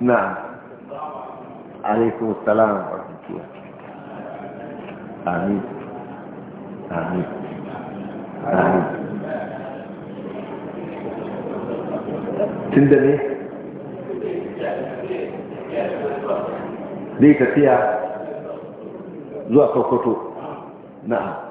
na alaikun salam amin amin amin tun da ne zai tafiya zuwa sokoto na'am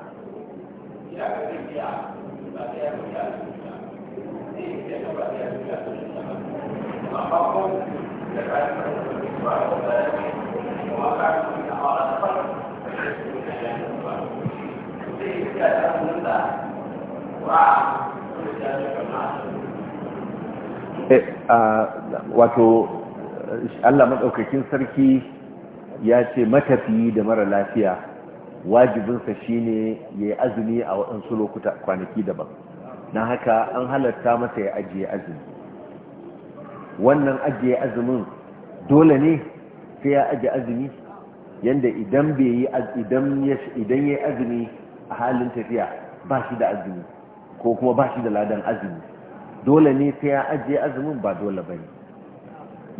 wato Allah maɗaukakin sarki ya ce matafiyi da mara lafiya wajibinsa shine ya yi azumi a waɗansu lokuta kwanaki daban na haka an halarta masa ya ajiye azumi wannan ajiye azumin dole ne sai ya ajiye azumi yanda idan bai ya yi azumi a halin tafiya ba shi da azumi ko kuma ba shi da ladan azumi dole ne sai ya ajiye azumin ba dole ba ne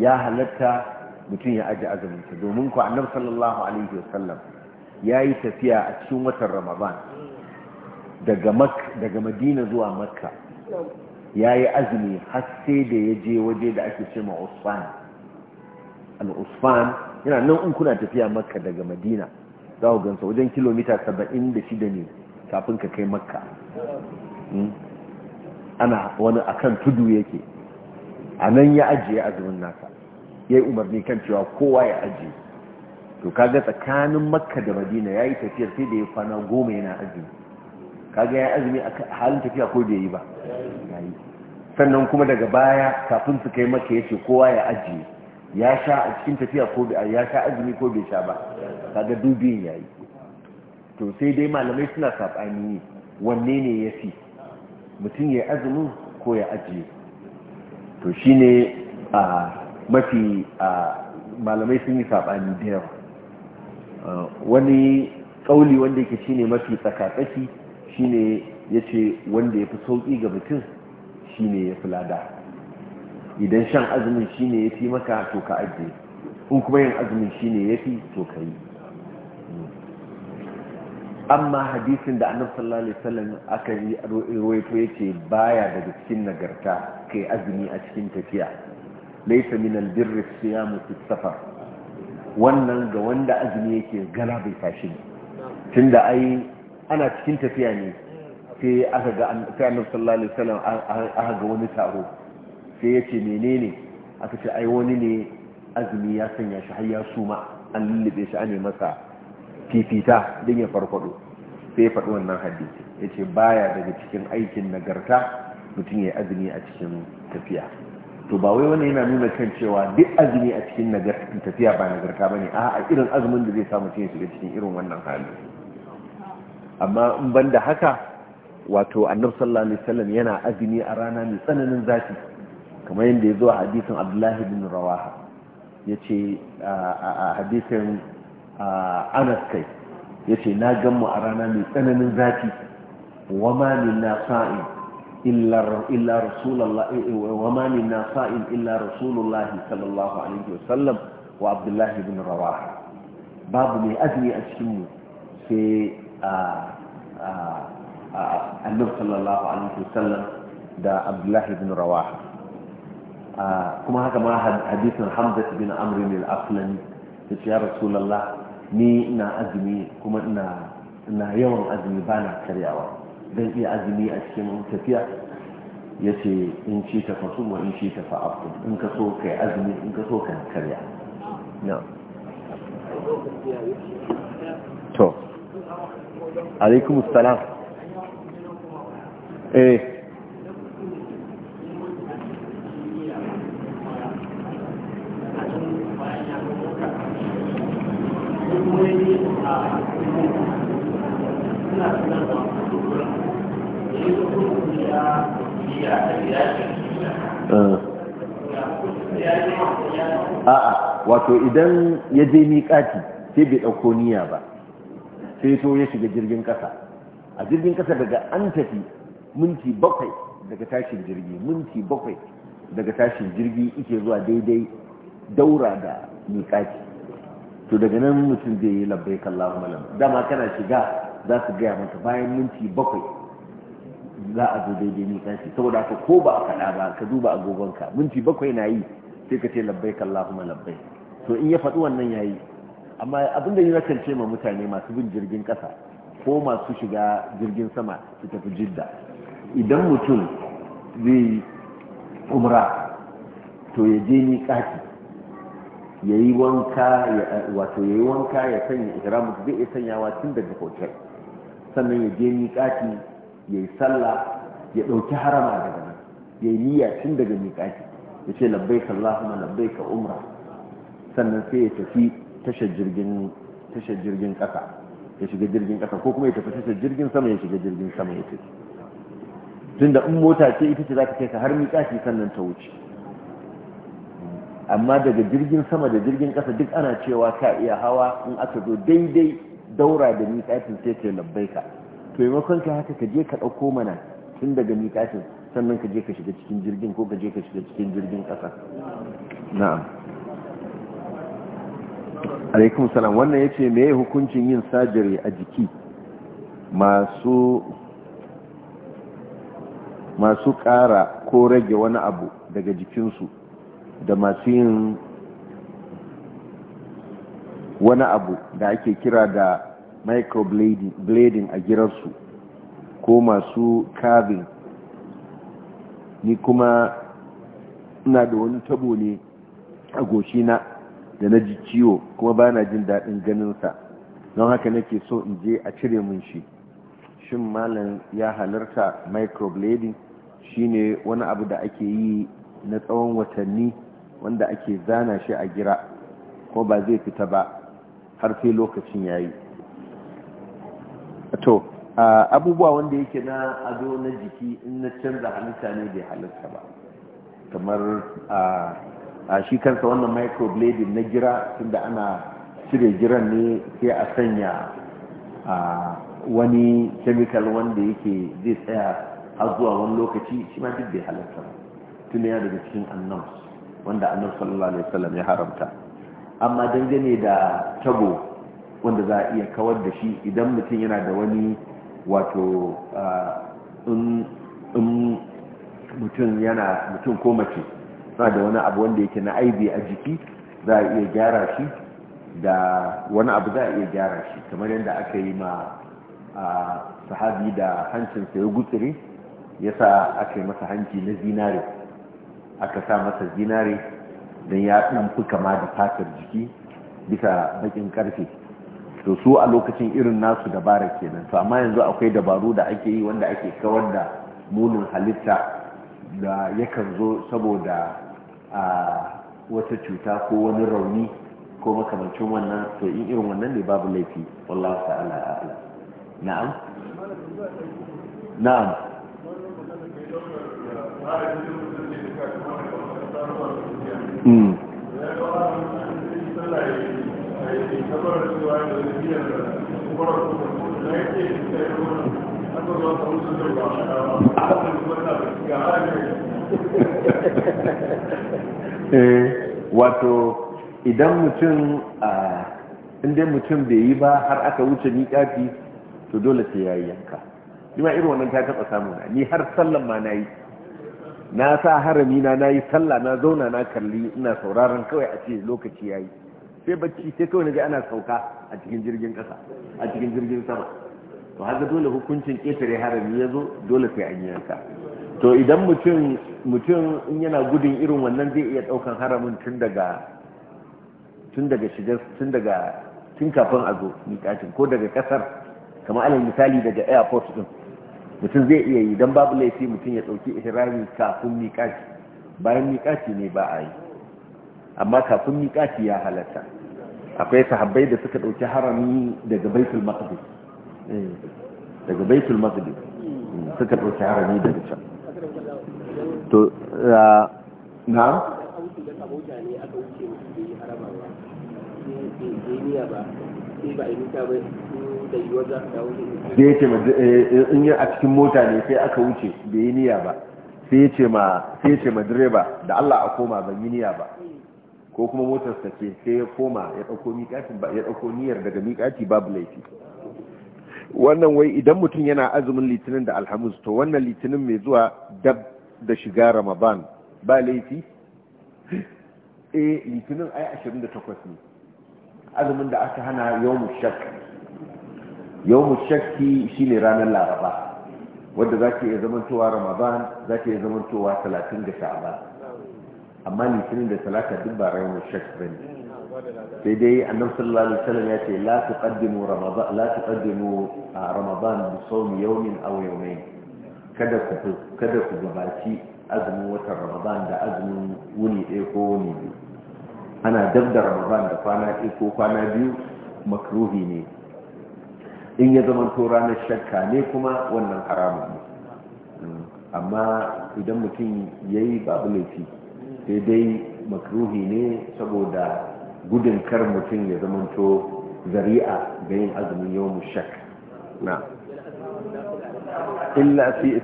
ya halatta mutum ya ajiye ta domin ku annabi sallallahu alaihi wasallam ya yi tafiya a cikin watan ramadan daga daga madina zuwa makka ya yi azumi har sai da ya je waje da ake cewa usfan al-usfan yana nan in kuna tafiya makka daga madina za ku gansa wajen kilomita 76 ne kafin ka kai makka hmm? ana wani akan tudu yake a nan ya ajiye azumin nasa ya yi umarni kan cewa kowa ya ajiye to kaga tsakanin makka da madina ya yi tafiyar sai da ya kwana goma yana azumi kaga ya azumi a halin tafiya ko da ya yi ba sannan kuma daga baya kafin su kai maka yace kowa ya ajiye ya sha a cikin tafiya ko ya sha azumi ko bai sha ba kaga dubin yi. to sai dai malamai suna saɓani wanne ne ya fi? mutum ya azumi ko ya ajiye to shine a mafi a malamai sun yi saɓani da yawa wani ƙauli wanda yake ne mafi tsakatsaki shi ne ya ce wanda ya fi sauƙi ga mutum shi ne ya fi lada idan shan azumin shine ya fi maka to ka ajiye in kuma yin azumin shine ya fi to ka yi amma hadisin da annabi sallallahu alaihi wasallam aka yi ruwaito yace baya daga cikin nagarta kai azumi a cikin tafiya laysa min albirri siyam fi safar wannan ga wanda azumi yake gala bai tashi ne tunda ai ana cikin tafiya ne sai aka ga annabi sallallahu alaihi wasallam aka ga wani taro sai yace menene aka ce ai wani ne azumi ya sanya shi har ya suma an lullube shi an yi masa fifita din ya farfado sai ya faɗi wannan hadisi ya ce baya daga cikin aikin nagarta mutum ya azumi a cikin tafiya to ba wai wannan yana nuna kan cewa duk azumi a cikin tafiya ba nagarta ba ne a irin azumin da zai samu cikin shiga cikin irin wannan hali amma in ban da haka wato annab sallallahu alaihi wasallam yana azumi a rana mai tsananin zafi kamar yadda ya zo a hadisin abdullahi bin rawaha ya ce a hadisin anas kai ya ce na gan mu a rana mai tsananin zafi wa ma min na sa'in illa rasulullah eh, eh, wa ma min na sa'in illa rasulullah sallallahu alaihi wa sallam wa abdullahi ibn rawah babu mai azumi a cikin mu sai a annabi sallallahu alaihi wa sallam da abdullahi ibn rawah kuma haka ma hadisin hamza bin amr bin al-aslami ya ce ya rasulullah ni ina azumi kuma ina ina yawan azumi ba na karyawa zan iya azumi a cikin tafiya ya ce in ci ta fasu ma in ci ta fa'afu in ka so ka yi azumi in ka so ka karya na to alaikum salam eh a'a wato idan ya je miƙati sai bai ɗauko niyya ba sai to ya shiga jirgin ƙasa a jirgin ƙasa daga an tafi minti bakwai daga tashin jirgi minti bakwai daga tashin jirgi ike zuwa daidai daura da miƙati to daga nan mutum zai yi labbai kallahu malam dama kana shiga za su gaya maka bayan minti bakwai za a zo daidai miƙati saboda ka ko ba a faɗa ba ka duba agogonka minti bakwai na yi sai ka ce labbai kalla kuma labbai to in ya faɗi wannan yayi amma abinda yana ce ma mutane masu bin jirgin ƙasa ko masu shiga jirgin sama su tafi jidda idan mutum zai umra to ya je ni ƙaki ya yi wanka wato ya yi wanka ya sanya su zai iya sanyawa tun daga hotel sannan ya je ni ƙaki ya yi sallah ya ɗauki harama daga nan ya yi niyya tun daga ƙaki ya ce labbaika Allahumma labbaika umra sannan sai ya tafi tashar jirgin tashar jirgin kasa ya shiga jirgin kasa ko kuma ya tafi tashar jirgin sama ya shiga jirgin sama ya tafi tunda in mota ce ita ce za ta kai ka har miƙaci sannan ta wuce amma daga jirgin sama da jirgin kasa duk ana cewa ka iya hawa in aka zo daidai daura da miƙacin sai ce labbaika to maimakon ka haka ka je ka ɗauko mana tun daga miƙacin sannan ka je ka shiga cikin jirgin ko ka je ka shiga cikin jirgin ƙasa na'am alaikum salam wannan ya ce mai hukuncin yin sajiri a jiki masu masu ƙara ko rage wani abu daga jikinsu da masu yin wani abu da ake kira da microblading a girarsu ko masu carving ni kuma ina da wani tabo ne a na da na ji ciwo kuma ba na jin daɗin ganinsa don haka nake so in je a cire mun shi shin malam ya halarta microblading shine wani abu da ake yi na tsawon watanni wanda ake zana shi a gira ko ba zai fita ba har sai lokacin yayi to abubuwa wanda yake na ado na jiki in na canza halitta ne bai halitta ba kamar a shi kansa wannan microblading na gira tunda ana cire giran ne sai a sanya wani chemical wanda yake zai tsaya har zuwa wani lokaci shi ma duk bai halitta ba tunda ya daga cikin annabs wanda annab sallallahu alaihi wasallam ya haramta amma dangane da tabo wanda za a iya kawar da shi idan mutum yana da wani wato in mutum yana mutum ko mace suna da wani abu wanda yake na aibi a jiki za a iya gyara shi da wani abu za a iya gyara shi kamar yadda aka yi ma sahabi da hancin ya gutsire ya sa aka yi masa hanci na zinare aka sa masa zinare don ya ɗan fi kama da fatar jiki bisa baƙin ƙarfe. to su a lokacin irin nasu dabara kenan to amma yanzu akwai dabaru da ake yi wanda ake kawar da munin halitta da yakan zo saboda a wata cuta ko wani rauni ko makamancin wannan to in irin wannan ne babu laifi wallahu ta'ala a'ala na'am na'am Mm. Eh, wato idan mutum a inda mutum bai yi ba har aka wuce miƙafi to dole sai ya yi yanka nima irin wannan ta taɓa samuna ni har sallan ma na yi na sa harami na na yi sallah na zauna na kalli ina sauraron kawai a ce lokaci ya yi sai bacci sai kawai naga ana sauka a cikin jirgin kasa a cikin jirgin sama to haka dole hukuncin ƙetare harami ya zo dole sai an yanka to idan mutum mutum in yana gudun irin wannan zai iya ɗaukan haramin tun daga tun daga shiga tun daga tun kafin a zo miƙatin ko daga ƙasar kamar alal misali daga airport din mutum zai iya yi don babu laifi mutum ya ɗauki ihrami kafin miƙaci bayan miƙaci ne ba a yi amma kafin miƙati ya halatta akwai sahabbai da suka ɗauki harami daga baitul maqdis eh, daga baitul maqdis hmm, suka ɗauki harami daga can to na sai ya ce eh, eh, in yi a cikin mota ne sai aka wuce bai yi niyya ba sai ya ce ma direba da Allah a koma bai yi niyya ba ko kuma motar sa ce sai ya koma ya dauko ba ya dauko niyyar daga miƙati babu laifi wannan wai idan mutum yana azumin litinin da alhamis to wannan litinin mai zuwa dab da shiga ramadan ba laifi eh litinin ai 28 ne azumin da aka hana yawmu shak yawmu shakki shine ranar laraba wanda zaki iya zamantowa ramadan zaki iya zamantowa 30 ga sha'ban amma litinin da talata duk ba ranar shak ba ne sai dai annabi sallallahu alaihi wasallam ya ce la tuqaddimu ramadan la tuqaddimu ramadan bi sawm yawmin aw yawmayn kada ku kada ku gabaci azumin watan ramadan da azumin wuni ɗaya ko wuni biyu ana dabda ramadan da kwana ɗaya ko kwana biyu makruhi ne in ya zama to ranar shakka ne kuma wannan haramun hmm. amma idan mutum ya yi babu laifi sai dai makruhi ne saboda gudun kar mutum ya zamanto zari'a ga yin azumin mu shak na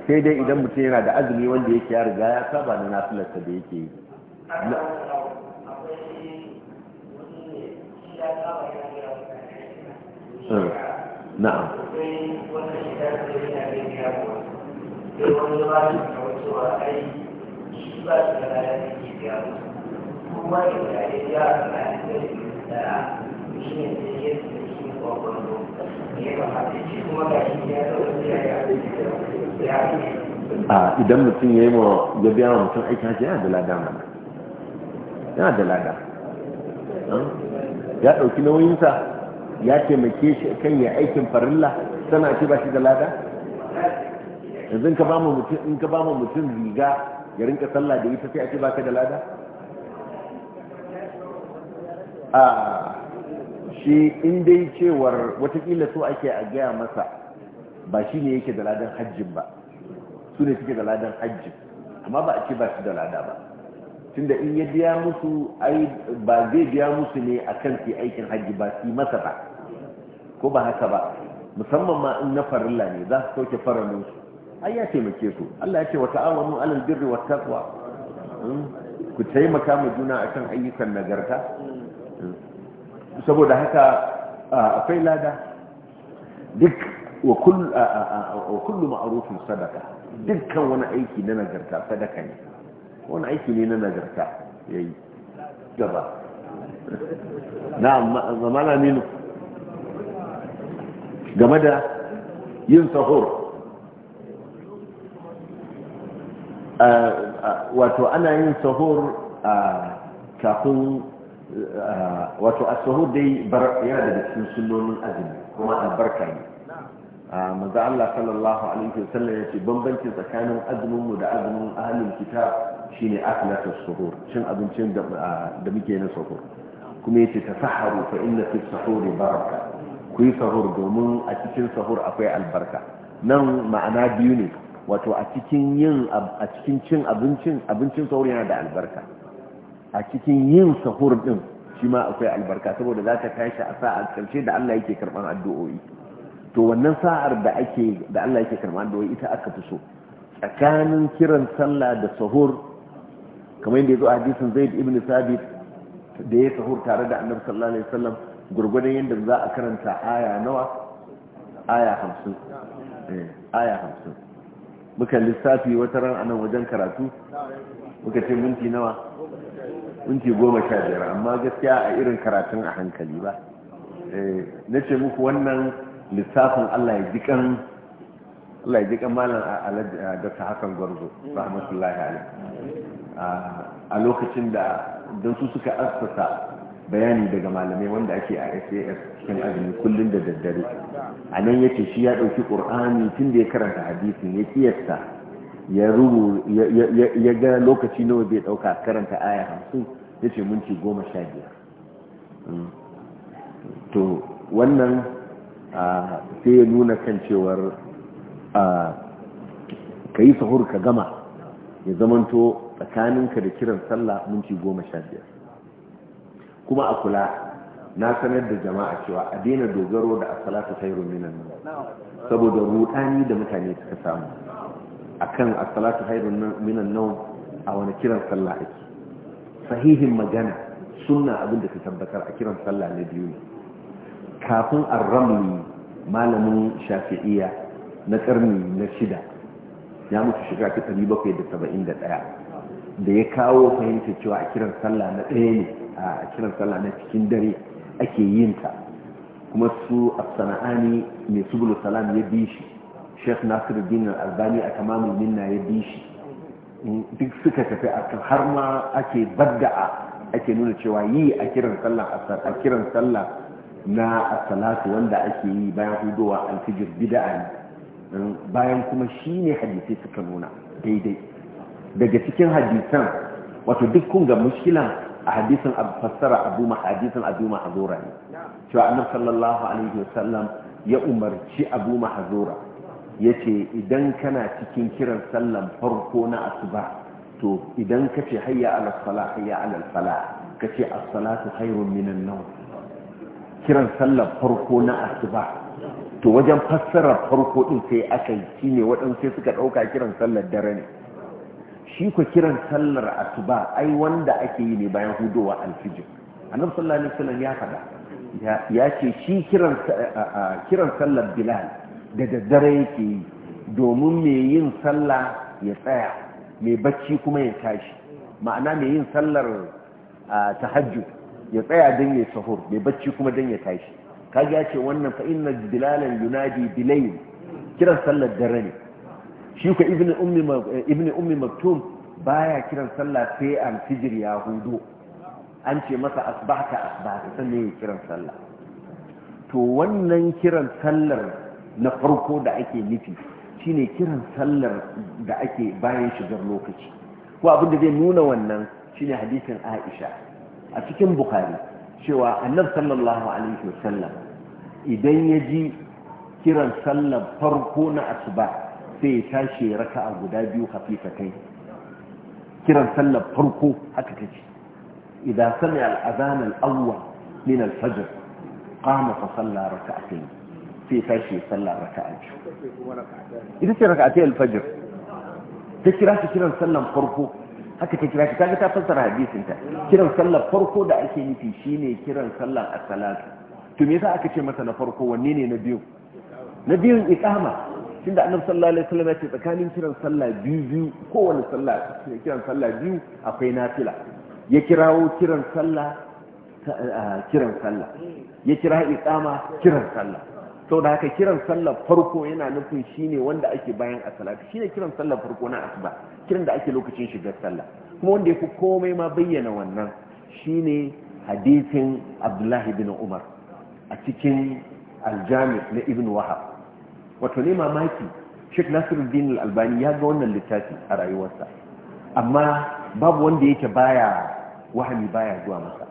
sai dai idan mutum yana da azumi wanda yake ya riga ya saba na nafilarsa da yake yi hmm. na'am ba a idan mutum ya yi wa ya biya wa mutum aiki hajji yana da lada mana yana da lada hmm? ya ɗauki nauyinsa ya taimake shi kan ya aikin farilla sana ce ba shi da lada yanzu in ka ba mutum riga ya rinka sallah da ita sai a ce baka da lada a shi in dai cewar watakila so ake a gaya masa ba shi ne yake da ladan hajjin ba su ne suke da ladan hajjin amma ba a ce ba su da lada ba tunda in ya biya musu ba zai biya musu ne a kan su aikin hajji ba su yi masa ba ko ba haka ba musamman ma in na farilla ne za su sauke faraninsu ai ya taimake su Allah ya ce wa ta'awanu alal birri wat taqwa hmm? ku taimaka mu juna akan ayyukan nagarta hmm? saboda haka akwai lada duk wa kullu ma'rufin sadaka dukkan wani aiki na nagarta sadaka ne wani aiki ne na nagarta yayi gaba na'am zamana minu game da yin sahur wato ana yin sahur kafin wato a sahur dai ya daga cikin sunonin azumi kuma albarka ne manzo Allah sallallahu alaihi wasallam yace bambanci tsakanin azumin mu da azumin ahlul kitab shine aklatu suhur cin abincin da da muke na sahur kuma yace tasaharu fa inna fi suhuri baraka ku yi sahur domin a cikin sahur akwai albarka nan ma'ana biyu ne wato a cikin yin a cikin cin abincin abincin sahur yana da albarka a cikin yin sahur din shi ma akwai albarka saboda za ta tashi a sa'a karshe da Allah yake karban addu'o'i to wannan sa'ar da ake da Allah yake karban addu'o'i ita aka fi so tsakanin kiran sallah da sahur kamar yadda ya zo a hadisin Zaid ibn Sabit da ya sahur tare da Annabi sallallahu alaihi wasallam gurgurdan yadda za a karanta aya nawa aya 50 eh, aya 50 muka lissafi wata ran anan wajen karatu muka ce minti nawa minti goma sha biyar amma gaskiya a irin karatun a hankali ba eh, na ce muku wannan lissafin allah ya jikan allah ya kan malam a dr hassan gwarzo rahmatullahi Ali, a lokacin da don su suka asfasa bayani daga malamai wanda ake a SAS cikin azumi kullum da daddare a nan yake shi ya ɗauki ƙur'ani tun da ya karanta hadisin ya rubu ya ga lokaci nawa zai ɗauka karanta aya hamsin ya ce minti goma sha biyar mm. to wannan sai ya nuna kan cewar ka yi sahur ka gama ya zamanto tsakaninka da kiran sallah minti goma sha biyar kuma a kula na sanar da jama'a cewa a daina dogaro da as-salatu minan saboda rudani da mutane suka samu akan kan salatu minan nawm a wani kiran sallah ake sahihin magana sunna abin da ka tabbatar a kiran sallah na biyu ne kafin ar-ramli malamin shafi'iya na karni na shida ya mutu shiga ta 771 da ya kawo fahimta cewa a kiran sallah na ɗaya ne a kiran sallah na cikin dare ake yin ta kuma su a sana'ani mai subulu salam ya bi shi sheikh nasiruddin albani a tamamin minna ya bi shi duk suka tafi a kan har ma ake badda'a ake nuna cewa yi a kiran sallah a kiran sallah na asalatu wanda ake yi bayan hudowa alfijir bid'a ne bayan kuma shi ne Hadisai suka nuna daidai daga cikin hadisan wato duk kun ga mushkilan a hadisin fassara abu hadisin abu mahazura ne cewa annabi sallallahu alaihi wasallam ya umarci abu mahazura yace idan kana cikin kiran sallan farko na asuba to idan kace hayya ala salah hayya ala falah kace as-salatu minan nawm kiran sallan farko na asuba to wajen fassara farko din sai aka yi shine waɗansu suka ɗauka kiran sallar dare ne shi ku kiran sallar asuba ai wanda ake yi ne bayan hudowa alfijir annabi sallallahu alaihi wasallam ya faɗa ya ce shi kiran kiran sallar bilal da daddare yake yi domin mai yin sallah ya tsaya mai bacci kuma ya tashi ma'ana mai yin sallar tahajjud ya tsaya don ya sahur mai bacci kuma don ya tashi kaga ya ce wannan fa inna bilalan yunadi bilayl kiran sallar dare ne shi ko ibn ummi maktum baya kiran sallah sai an fijir ya hudu an ce masa asbahta asbahta sannan ya kiran sallah to wannan kiran sallar na farko da ake nufi shine kiran sallar da ake bayan shigar lokaci ko abin da zai nuna wannan shine hadisin Aisha a cikin Bukhari cewa Annabi sallallahu alaihi wasallam idan ya ji kiran sallar farko na asuba sai ya tashi a guda biyu hafifa kai kiran sallar farko haka ta ce idan sami al'azan al'awwa min al kama qama sallar salla raka'atayn sai tashi sallar raka'a ita ce raka'atay al-fajr ta kira shi kiran sallar farko haka ta kira shi kaga ta fassara hadisinta kiran sallar farko da ake nufi ne kiran sallar asalatu salatu to me yasa aka ce masa na farko wanne ne na biyu na biyun iqama tun da annabi sallallahu alaihi wasallam ya tsakanin kiran sallah biyu biyu kowane sallah kiran sallah biyu akwai nafila ya kirawo kiran sallah kiran sallah ya kira iqama kiran sallah to da haka kiran sallah farko yana nufin shine wanda ake bayan asalati shine kiran sallah farko na asuba kiran da ake lokacin shigar sallah kuma wanda ya fi komai ma bayyana wannan shine hadisin Abdullahi bin Umar a cikin aljami na Ibn Wahab wato ne mamaki shek Nasiruddin Al-Albani ya ga wannan littafi a rayuwarsa amma babu wanda yake baya wahami baya zuwa masa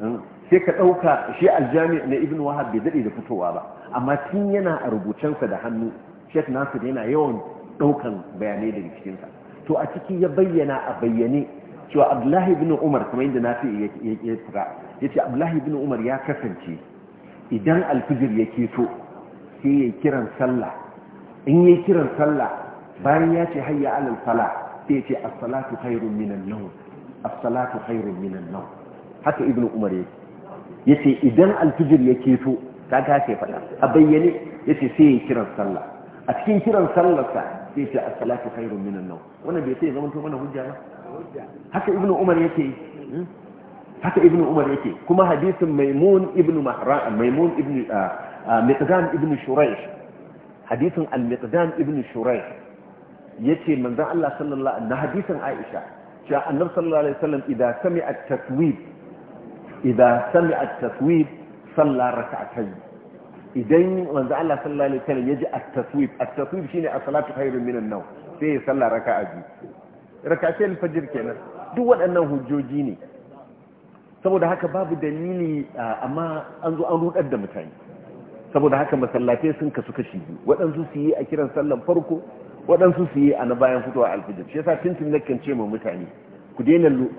hmm? sai ka ɗauka shi aljami na ibn wahab bai daɗe da fitowa ba amma tun yana a rubucensa da hannu shek nasir yana yawan ɗaukan bayanai daga cikinsa to a ciki ya bayyana a bayyane cewa abdullahi bin umar kuma inda na fi ya kira ya ce abdullahi ibn umar ya kasance idan alfijir ya keto sai ya kiran sallah in ya kiran sallah bayan ya ce hayya alal fala sai ya ce as-salatu khairun minan nawm as-salatu khairun minan nawm haka ibnu umar yake yace idan alfijir ya keto kaga sai fada a bayyane yace sai ya kiran sallah a cikin kiran sa sai ya ce as-salatu khairun minan nawm wannan bai sai zama to mana hujja ba haka ibnu umar yake hmm? haka ibnu umar yake kuma hadisin maimun ibnu mahran maimun ibnu ah, miqdam ibn shuraish hadisin al-miqdam ibn shuraish yace manzon Allah sallallahu alaihi hadisin Aisha cewa annabi sallallahu alaihi wasallam idan sami at-taswib idan sami at-taswib salla rak'atayn idan manzon Allah sallallahu alaihi wasallam yaji at-taswib at-taswib shine as-salatu khairun min an-nawm sai ya salla raka'a biyu raka'atayn fajr kenan duk waɗannan hujjoji ne saboda haka babu dalili amma an zo an rudar da mutane saboda haka masallatai sun kasu kashi biyu waɗansu su yi a kiran sallan farko waɗansu su yi a na bayan fitowa alfijir shi yasa tuntun na kan ce ma mutane ku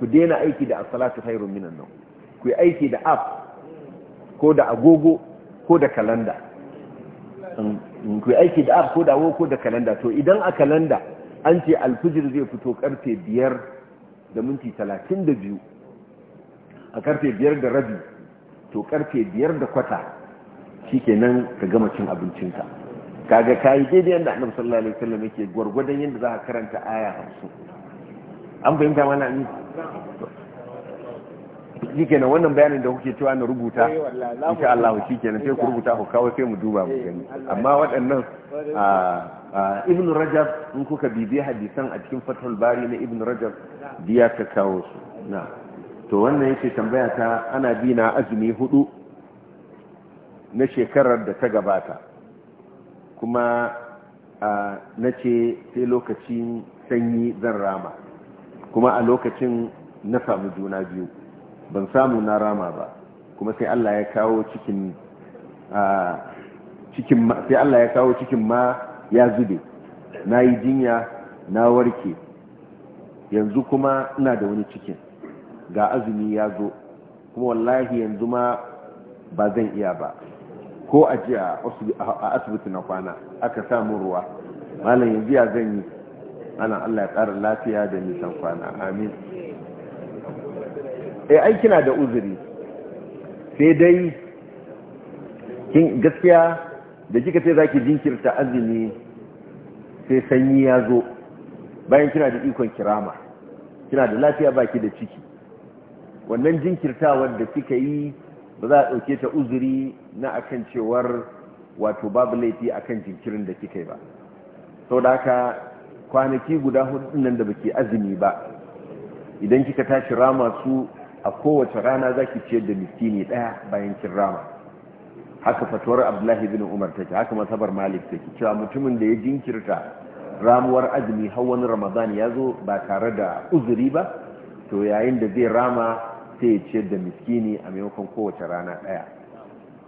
daina aiki da asalatu hairun minan nan ku yi aiki da app ko da agogo ko da kalanda ku yi aiki da app ko da agogo ko da kalanda to idan a kalanda an ce alfijir zai fito karfe biyar da minti talatin da biyu a karfe biyar da rabi to karfe biyar da kwata shikenan ka gama cin abincinka kaga kayi daidai yadda annabi sallallahu alaihi wasallam yake gwargwadon yadda za ka karanta aya 50 an fahimta mana ni shikenan wannan bayanin da kuke cewa na rubuta eh, insha Allah shikenan sai ku rubuta ku kawo sai mu duba mu eh, gani amma waɗannan ibn rajab in kuka bibiya hadisan a cikin fathul bari na ibn rajab biya ka kawo su na to wannan yake tambaya ta ana bi na azumi hudu na shekarar da ta gabata kuma na ce sai lokacin sanyi zan rama kuma a lokacin na samu juna biyu ban samu na rama ba kuma Allah ya kawo cikin sai Allah ya kawo cikin ma ya zube na yi jinya na warke yanzu kuma ina da wani cikin ga azumi ya zo kuma wallahi yanzu ma ba zan iya ba ko a ji a asibiti na kwana aka samu ruwa malam yanzu ya zan yi ana Allah ya ƙara lafiya da nisan kwana amin eh ai kina da uzuri sai dai kin gaskiya da kika ce zaki jinkirta azumi sai sanyi ya zo bayan kina da ikon kirama kina da lafiya baki da ciki wannan jinkirtawar da kika yi ba za a ɗauke ta uzuri na akan cewar wato babu laifi akan jinkirin da kika ba sau da haka kwanaki guda hudu nan da baki azumi ba idan kika tashi rama su a kowace rana za ki ciyar da miskini ɗaya bayan kin rama haka fatuwar abdullahi bin umar take haka masabar malik take cewa mutumin da ya jinkirta ramuwar azumi har wani ramadan ya zo ba tare da uzuri ba to yayin da zai rama sai ya ciyar da miskini a maimakon kowace rana ɗaya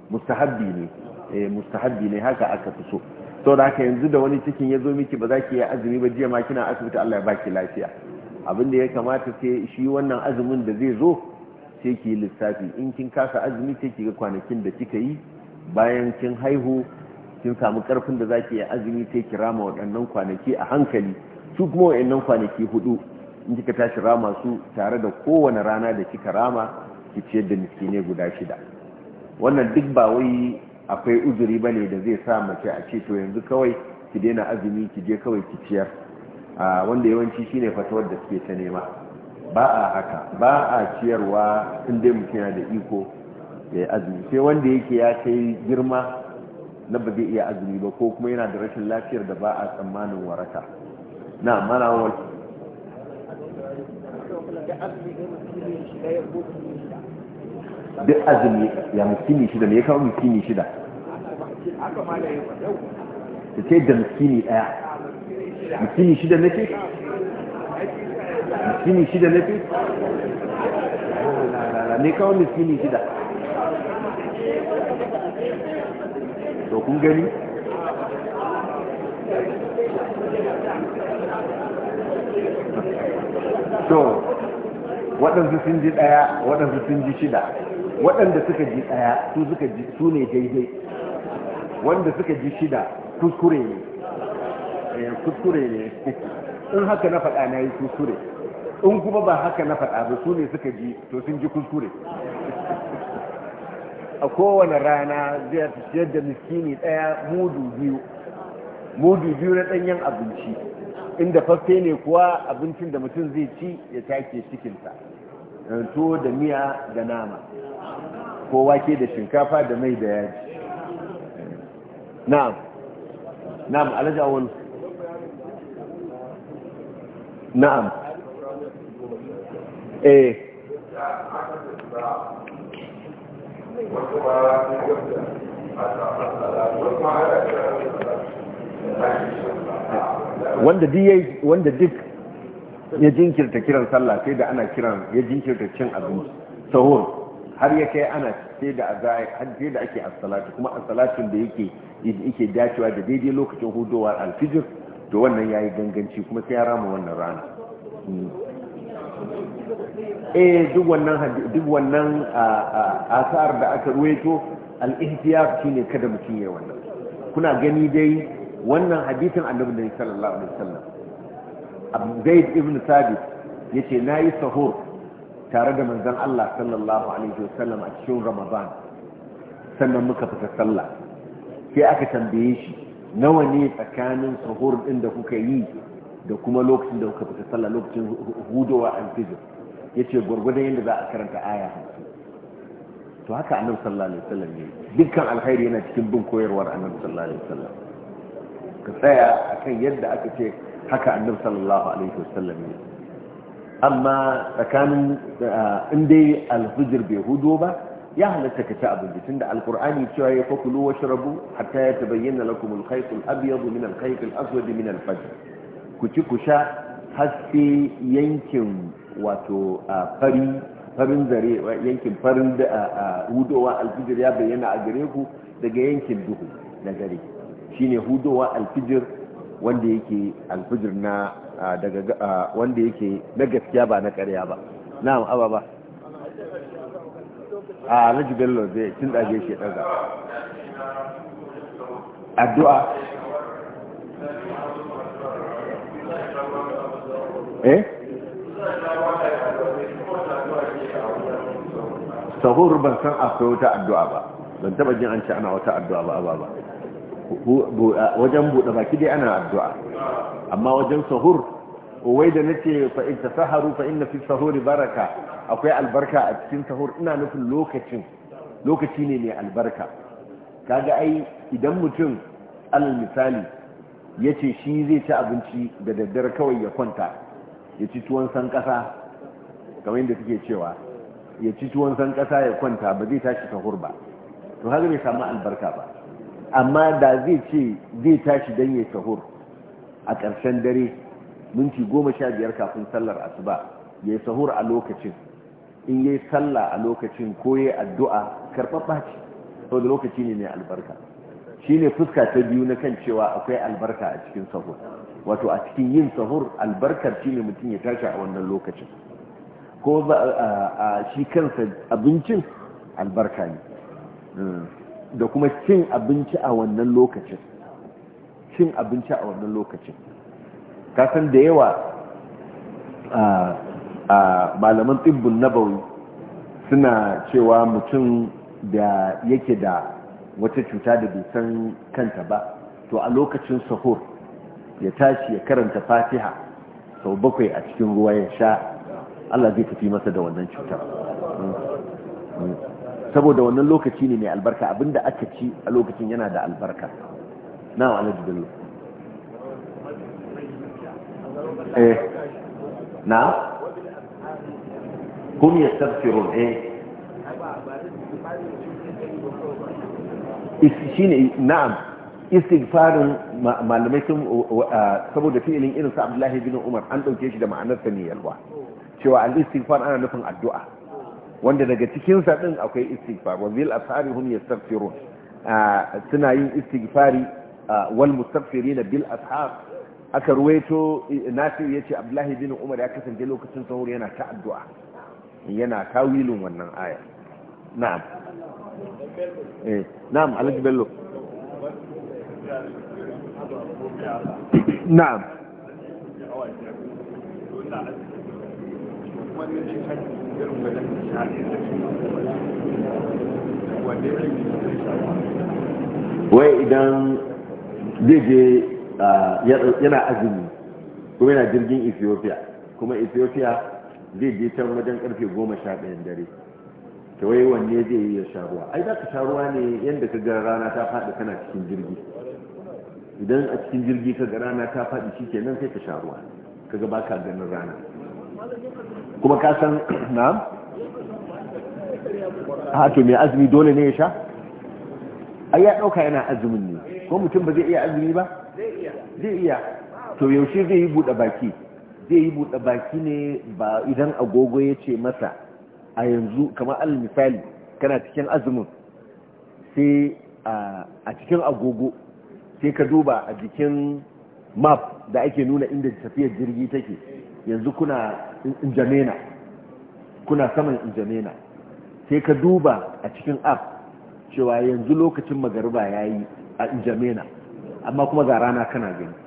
mustahabbi ne eh mustahabbi ne haka aka fi so to da haka yanzu da wani cikin ya zo miki ba za ki yi azumi ba jiya ma kina asibiti Allah ya baki lafiya abin da ya kamata sai shi wannan azumin da zai zo sai ki lissafi in kin kasa azumi sai ki ga kwanakin da kika yi bayan kin haihu kin samu karfin da zaki yi azumi sai ki rama waɗannan kwanaki a hankali su kuma waɗannan kwanaki hudu in kika tashi rama su tare da kowane rana da kika rama ki ciyar da miskine guda shida wannan duk ba wai akwai uzuri ba ne da zai sa mace a ce to yanzu kawai ki daina azumi ki je kawai ki ciyar a wanda yawanci shine fatawar da suke ta nema ba a haka ba a ciyarwa in dai mutum yana da iko ya yi azumi sai wanda yake ya kai girma na ba zai iya azumi ba ko kuma yana da rashin lafiyar da ba a tsammanin waraka na mana duk azumi ya miskini shida ne ya shida ta ce da shida na ce shida na ce shida to kun gani to waɗansu sun ji ɗaya waɗansu sun ji shida waɗanda suka ji ɗaya su suka ji su ne daidai wanda suka ji shida kuskure ne eh, kuskure ne in haka na faɗa na yi kuskure in kuma ba haka na faɗa ba su ne suka ji to sun ji kuskure a kowane rana zai ciyar da miskini ɗaya mudu biyu mudu biyu na ɗanyen abinci inda fafe ne kuwa abincin da mutum zai ci ya take cikinsa Eh, tuwo da miya da nama ko wake da shinkafa da mai da yaji na'am na'am alaji awon na'am eh wanda duk ya jinkirta kiran sallah sai da ana kiran ya jinkirta cin abinci sahur har ya kai ana sai da azai har sai da ake as-salatu kuma as-salatin da yake yake dacewa da daidai lokacin hudowar alfijir to wannan yayi ganganci kuma sai ya rama wannan rana hmm. eh duk wannan duk wannan asar da aka ruwaito al-ihtiyar shine kada mutum ya wannan kuna gani dai wannan hadisin annabi sallallahu alaihi wasallam zaid ibn sabit na yi sahur tare da manzan Allah sallallahu alaihi wasallam a cikin ramadan sannan muka fita sallah sai aka tambaye shi nawa ne tsakanin sahur din da kuka yi da kuma lokacin da kuka fita sallah lokacin hudowa ya ce gwargwadon yadda za a karanta aya to haka annabi sallallahu alaihi wasallam ne dukkan alkhairi yana cikin bin koyarwar annabi sallallahu alaihi wasallam ka tsaya akan yadda aka ce haka annabi sallallahu alaihi wasallam ne amma tsakanin eh, in dai alfijir bai hudu ba ya halatta ka ci abinci tunda alkur'ani cewa ya fakulu washrabu hatta yatabayyana lakum alkhayt alabyad min alkhayt alaswad min alfajr ku ci ku sha haske yankin wato eh, fari farin zare yankin farin eh, hudowa alfijir ya bayyana a gare ku daga yankin duhu na gare shine hudowa alfijir wanda yake alfijir na daga wanda yake na gaskiya ba na karya ba na'am ababa a na Bello zai tun ɗage shi daga addu'a eh sahur ban san akwai wata addu'a ba ban taba jin an ci ana wata addu'a ba ba wajen buɗe baki dai ana addu'a amma wajen sahur wai da nake fa in tasaharu fa inna fi sahuri baraka akwai albarka a cikin sahur ina nufin lokacin lokaci ne mai albarka kaga ai idan mutum alal misali yace shi zai ci abinci da daddare kawai ya kwanta ya ci tuwon san kasa kamar yadda suke cewa ya ci tuwon san ƙasa ya kwanta ba zai tashi sahur ba to haka bai samu albarka ba amma da zai ce zai tashi don ya sahur a ƙarshen dare minti goma sha biyar kafin sallar asuba ya sahur a lokacin in ya yi sallah a lokacin ko ya addu'a karɓaɓa ce sau da lokaci ne mai albarka shi ne fuska ta biyu na kan cewa akwai albarka a cikin sahur wato a cikin yin sahur albarkar shi ne mutum ya tashi a wannan lokacin ko shi kansa abincin albarka ne hmm. da kuma cin abinci a wannan lokacin cin abinci a wannan lokacin kasan da yawa a malaman tsibbin nabawi suna cewa mutum da yake da wata cuta da bai san kanta ba to a lokacin sahur ya tashi ya karanta fatiha sau bakwai a cikin ruwa ya sha Allah zai tafi masa da wannan cutar hmm. Hmm. saboda wannan lokaci ne mai albarka abinda aka ci a lokacin yana da albarka na alhaji bello eh na kum yastaghfirun eh na'am istighfarin malamai sun saboda fi'ilin irin sa Abdullahi bin Umar an dauke shi da ma'anar sa ne yalwa cewa al farin ana nufin addu'a wanda daga cikin sa din akwai istighfar wa bil asari hum yastaghfirun suna yin istighfari wal mustaghfirina bil ashar aka ruwaito ya yace abdullahi bin umar ya kasance lokacin sahur yana ta addu'a yana tawilin wannan aya na'am eh na'am alhaji bello na'am wai idan zai je yana azumi kuma yana jirgin ethiopia kuma ethiopia zai je can wajen karfe goma sha ɗayan dare ta wai wanne zai yi ya sha ruwa ai za ka sha ruwa ne yadda ka ga rana ta faɗi kana cikin jirgi idan a cikin jirgi ka ga rana ta faɗi shi ke nan sai ka sha ruwa ka ga ba ka ganin rana kuma ka san na hatu ah, mai azumi dole ne ya sha ai ya dauka yana azumin ne ko mutum ba zai iya azumi ba zai iya to yaushe zai yi bude baki zai yi bude baki ne ba idan agogo ya ce masa a yanzu kamar al misali kana cikin azumin sai a cikin agogo sai ka duba a jikin map da ake nuna inda tafiyar jirgi take yanzu kuna injamena kuna saman injamena sai ka duba a cikin app cewa yanzu lokacin magariba ya yi a injamena amma kuma ga rana kana gani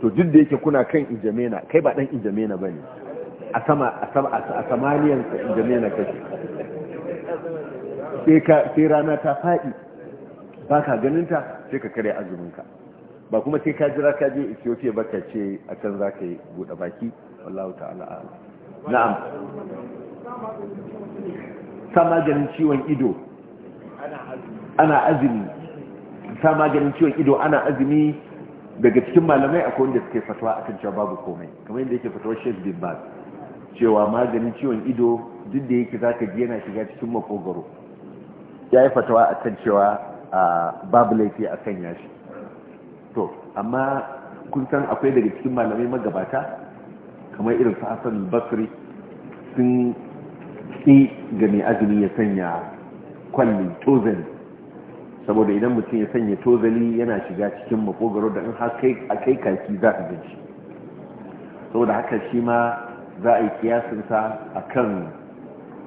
to duk da yake kuna kan injamena kai ba dan injamena ba ne a sama a samaniyansa injamena kake sai rana ta faɗi ba ka ganinta sai ka kare azuminka ba kuma sai ka jira ka je ethiopia ba ka ce a can za ka yi buɗe baki wallahu ta'ala a'lam na'am sa maganin ciwon ido ana azumi sa maganin ciwon ido ana azumi daga cikin malamai akwai wanda suke fatwa akan cewa babu komai kamar yadda yake fatawar Sheikh bin Baz cewa maganin ciwon ido duk da yake zaka ji yana shiga cikin makogoro ya yi fatawa akan cewa babu laifi a kan yashi to amma kun san akwai daga cikin malamai magabata kamar irin su hassan basri sun ƙi ga mai azumi ya sanya kwalli tozali saboda idan mutum ya sanya tozali yana shiga cikin makogaro da in a kai kaki za a gaji saboda haka shi ma za a yi kiyasinsa a kan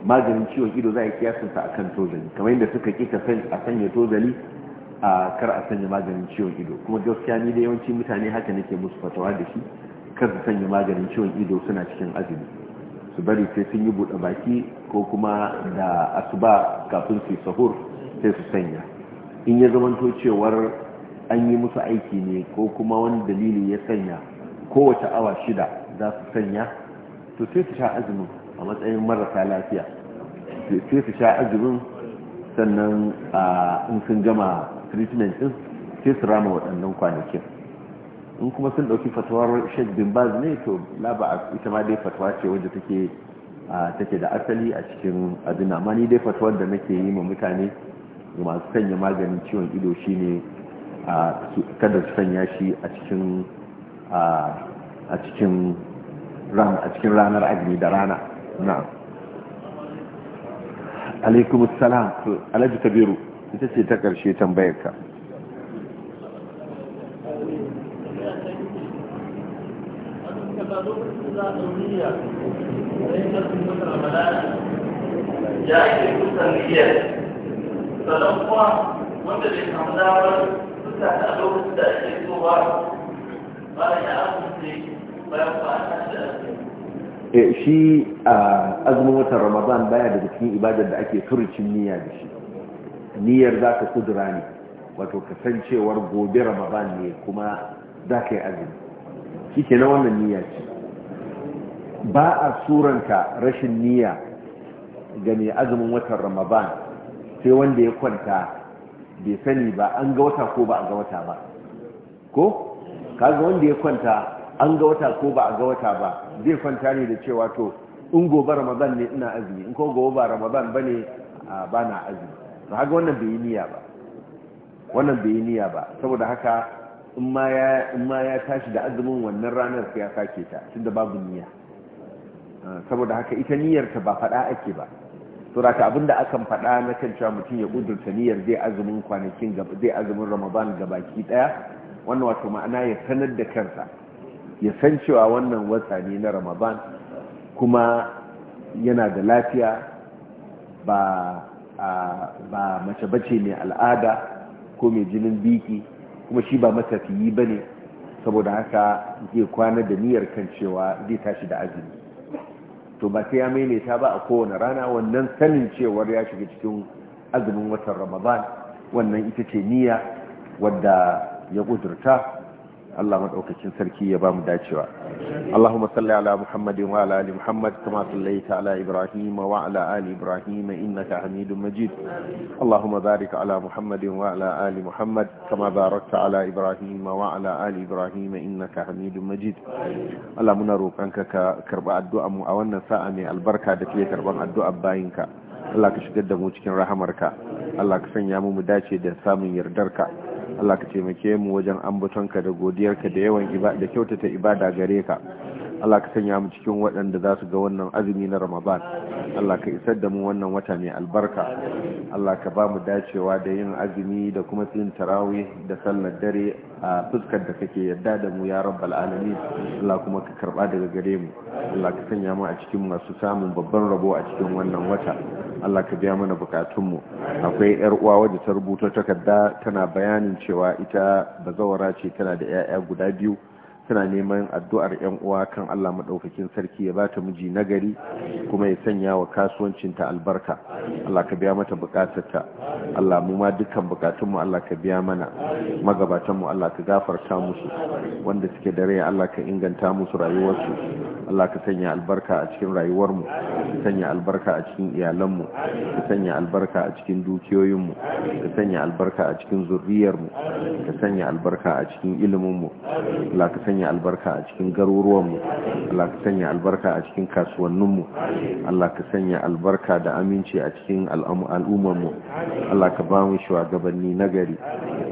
maganin ciwon ido za a yi kiyasinsa a kan tozali kamar yadda suka ƙi a sanya tozali a kar a sanya maganin ciwon ido kuma gaskiya ni da yawancin mutane haka nake musu fatawa da shi kar su sanya maganin ciwon ido suna cikin azumi su bari sai sun yi buɗe baki ko kuma da asuba kafin su sahur sai su sanya in ya zamanto cewar an yi musu aiki ne ko kuma wani dalili ya sanya kowace awa shida za su sanya to sai su sha azumin a matsayin marasa lafiya sai su sha azumin sannan ah, in sun gama treatment ɗin sai su rama waɗannan kwanakin in kuma sun ɗauki fatawar sheikh bin baz ne to laba a ita ma dai fatawa ce wadda take take da asali a cikin abin amma ni dai fatawar da nake yi ma mutane masu sanya maganin ciwon ido shi shine kada su sanya shi a cikin a cikin a cikin ranar azumi da rana na' alaikum assalam alhaji kabiru ita ce ta karshe tambayarka. ka ya wanda bai da ba bayan ba shi a azumin watan ramadan baya daga cikin ibadar da ake furucin niyya da shi niyyar za ka kudura ne wato kasancewar gobe ramadan ne kuma za ka yi azumi shi ke na wannan niyya ce ba a suranta rashin niyya ga mai azumin watan ramadan sai wanda ya kwanta bai sani ba an ga wata ko ba a ga wata ba ko kaga wanda ya kwanta an ga wata ko ba a ga wata ba zai kwanta ne da cewa to in gobe ramadan ne ina azumi in ko gobe ba ramadan ba ne ba na azumi to haka wannan bai yi niyya ba wannan bai yi niyya ba saboda haka in ma ya tashi da azumin wannan ranar sai ya sake ta tunda babu niyya saboda haka ita niyyarta ba faɗa ake ba abin abinda akan faɗa na kan cewa mutum ya ƙudurta niyyar zai azumin kwanakin zai azumin ramadan baki ɗaya wannan wato ma'ana ya sanar da kansa ya san cewa wannan wata ne na ramadan kuma yana da lafiya ba ba mace bace mai al'ada ko mai jinin biki kuma shi ba matafiyi ba ne. saboda haka zai kwana da niyyar kan cewa zai tashi da azumi to ba sai ya maimaita ba a kowane rana wannan sanin cewar ya shiga cikin azumin watan ramadan wannan ita ce niyya wadda ya kudurta Allah madaukakin sarki ya ba mu dacewa Allahumma salli ala Muhammadin wa ala ali Muhammad kama sallaita ala Ibrahim wa ala ali Ibrahim innaka hamidun Majid Allahumma barik ala Muhammadin wa ala ali Muhammad kama barakta ala Ibrahim wa ala ali Ibrahim innaka hamidun Majid Allah muna roƙanka ka karɓa addu'a mu a wannan sa'a mai albarka da kake karban addu'a bayinka Allah ka shigar da mu cikin rahamarka Allah ka sanya mu mu dace da samun yardarka Allah ka taimake mu wajen ambatonka da godiyarka da yawan da kyautata ibada gare ka Allah ka sanya mu cikin waɗanda za su ga wannan azumi na Ramadan Allah ka isar da mu wannan wata mai albarka Allah ka ba mu dacewa da yin azumi da kuma yin tarawi da sallar dare a fuskar da kake yarda da mu ya rabbal alamin Allah kuma ka karba daga gare mu Allah ka sanya mu a cikin masu samun babban rabo a cikin wannan wata Allah ka biya mana bukatun mu akwai yar uwa wadda ta rubuta takarda tana bayanin cewa ita bazawara ce tana da 'ya'ya guda biyu suna neman addu'ar yan uwa kan Allah madaukakin sarki ya ba ta miji nagari kuma ya sanya wa kasuwancinta albarka Allah ka biya mata bukatarta Allah mu ma dukkan bukatun mu Allah ka biya mana magabatanmu mu Allah ka gafarta musu wanda suke dare Allah ka inganta musu rayuwarsu Allah ka sanya albarka a cikin rayuwarmu ka sanya albarka a cikin iyalanmu ka sanya albarka a cikin dukiyoyinmu ka sanya albarka a cikin zurriyarmu ka sanya albarka a cikin iliminmu Allah ka sanya albarka a cikin garuruwanmu Allah ka sanya albarka a cikin kasuwanninmu Allah ka sanya albarka da aminci a cikin al'ummarmu Allah ka ba mu shugabanni na gari.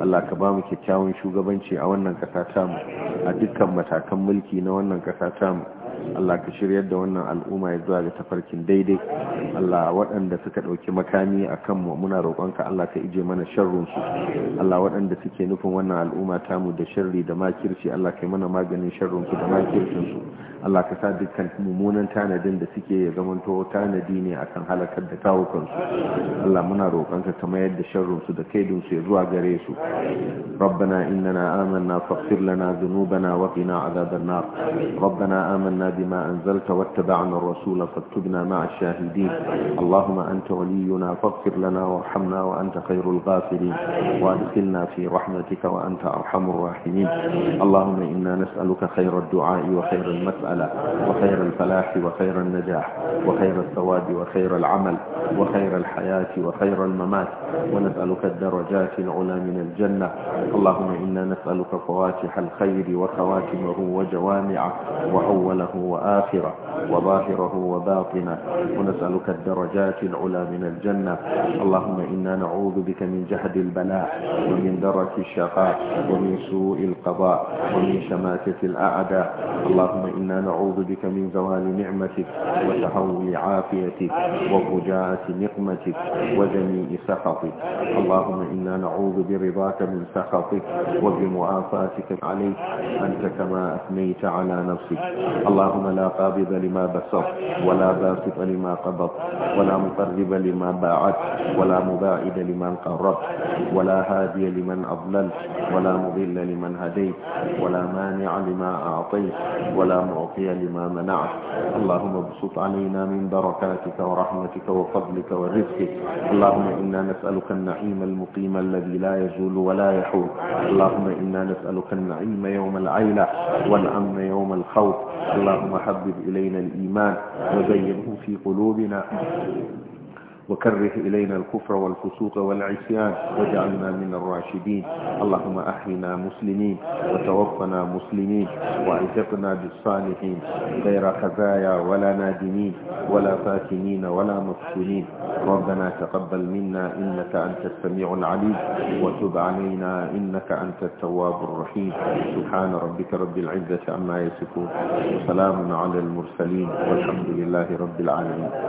Allah ka ba mu kyakkyawan shugabanci a wannan ƙasa tamu a dukkan matakan mulki na wannan ƙasa tamu Allah ka shiryar da wannan al'umma ya zuwa ga tafarkin daidai Allah waɗanda suka ɗauki makami a kanmu muna roƙonka Allah ka ije mana sharrun su Allah waɗanda suke nufin wannan al'umma tamu da sharri da makirci Allah ka yi mana maganin sharrun su da makircin su Allah ka sa dukkan mummunan tanadin da suke ya zamanto tanadi ne akan halakar da kawukan su Allah muna roƙonka ta mayar da sharrun su da kaidun su ya zuwa gare su ربنا إننا آمنا فاغفر لنا ذنوبنا وقنا عذاب النار ربنا آمنا بما أنزلت واتبعنا الرسول فاكتبنا مع الشاهدين اللهم أنت ولينا فاغفر لنا وارحمنا وأنت خير الغافرين وادخلنا في رحمتك وأنت أرحم الراحمين اللهم إنا نسألك خير الدعاء وخير المسألة وخير الفلاح وخير النجاح وخير الثواب وخير العمل وخير الحياة وخير الممات ونسألك الدرجات العلى من الجنة اللهم إنا نسألك فواتح الخير وخواتمه وجوامعه وأوله وآخرة وظاهره وباطنة ونسألك الدرجات العلى من الجنة اللهم إنا نعوذ بك من جهد البلاء ومن درك الشقاء ومن سوء القضاء ومن شماتة الأعداء اللهم إنا نعوذ بك من زوال نعمتك وتهول عافيتك وفجاءة نقمتك وجميع سخطك اللهم إنا نعوذ برضاك من سخطك وبمعافاتك عليك أنت كما أثنيت على نفسك اللهم اللهم لا قابض لما بسط ولا باسط لما قبض ولا مقرب لما باعت ولا مباعد لمن قربت ولا هادي لمن أضللت ولا مضل لمن هديت ولا مانع لما أعطيت ولا معطي لما منعت اللهم ابسط علينا من بركاتك ورحمتك وفضلك ورزقك اللهم إنا نسألك النعيم المقيم الذي لا يزول ولا يحول اللهم إنا نسألك النعيم يوم العيلة والأمن يوم الخوف اللهم اللهم حبب إلينا الإيمان وزينه في قلوبنا وكره إلينا الكفر والفسوق والعصيان واجعلنا من الراشدين اللهم أحينا مسلمين وتوفنا مسلمين وألحقنا بالصالحين غير خزايا ولا نادمين ولا فاتنين ولا مفتونين ربنا تقبل منا إنك أنت السميع العليم وتب علينا إنك أنت التواب الرحيم سبحان ربك رب العزة عما يصفون وسلام على المرسلين والحمد لله رب العالمين